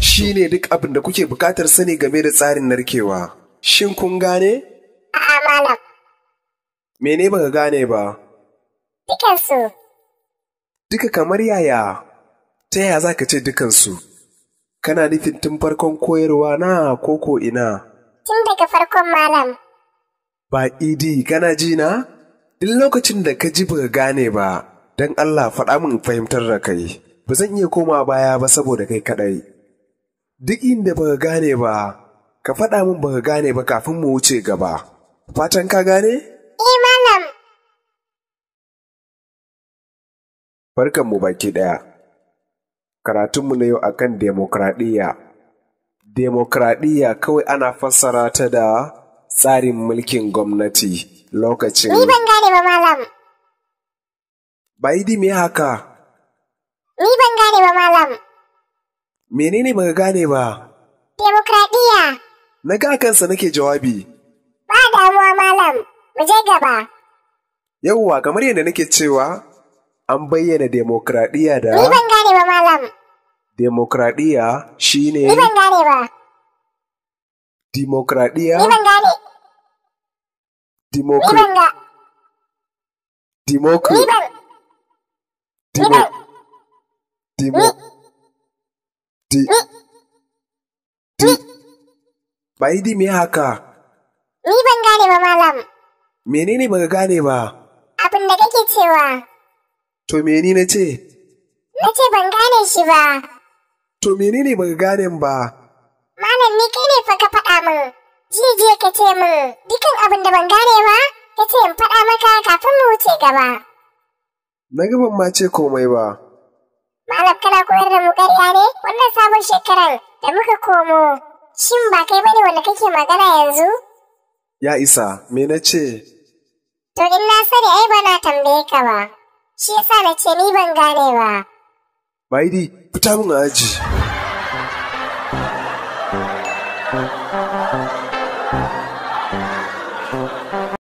Shi ne duk abin da kuke bukatar sani game da tsarin narkewa. Shin kun gane? A'a malam. Mene baka gane ba? Dukansu. Duka kamar yaya? Ta yaya za ka ce dukansu? Kana nufin tun farkon koyarwa na koko ina? Tun daga farkon malam. Ba idi e kana ji na? Duk lokacin da ka ji baka gane ba, don Allah faɗa min fahimtar da kai. ba zan iya koma baya ba saboda kai kaɗai. Duk inda baka gane ba, ka faɗa min baka gane ba kafin mu wuce gaba. Fatan ka gane? Eh malam. mu baki ɗaya. Karatunmu na yau a kan demokradiyya. Demokradiyya kawai ana fassara ta da tsarin mulkin gwamnati lokacin. Ni ban gane ba malam. Ba yi haka. Ni ban gane ba malam. Menene baka gane ba? Demokradiya. Na ga kansa nake jawabi. Ba damuwa malam, mu je gaba. Yawwa kamar yadda nake cewa an bayyana demokradiya da... Ni ban gane ba malam. shi shine... Ni ban gane ba. Demokradiya Ni ban gane. Demokradiya. Ni ban ga... Di Di hm. Di hm. Bai di me haka? Ni ban gane ba malam. Menene baka gane ba? Abin da kake cewa. To menene na ce? Na ce ban gane shi ba. To menene baka gane ba? Malam ni kai ne fa ka faɗa min. Jiya ka ce min dukan abin da ban gane ba, ka ce in faɗa maka kafin mu wuce gaba. Na gaban ma ce komai ba. Alam kana koyar da mu ƙarya ne wannan sabon shekaran da muka komo. Shin ba kai bane wanda kake magana yanzu? Ya isa, me na ce? To in na sani ai ba na tambaye ka ba. Shi yasa na ce ni ban gane ba. Maidi, fita min aji.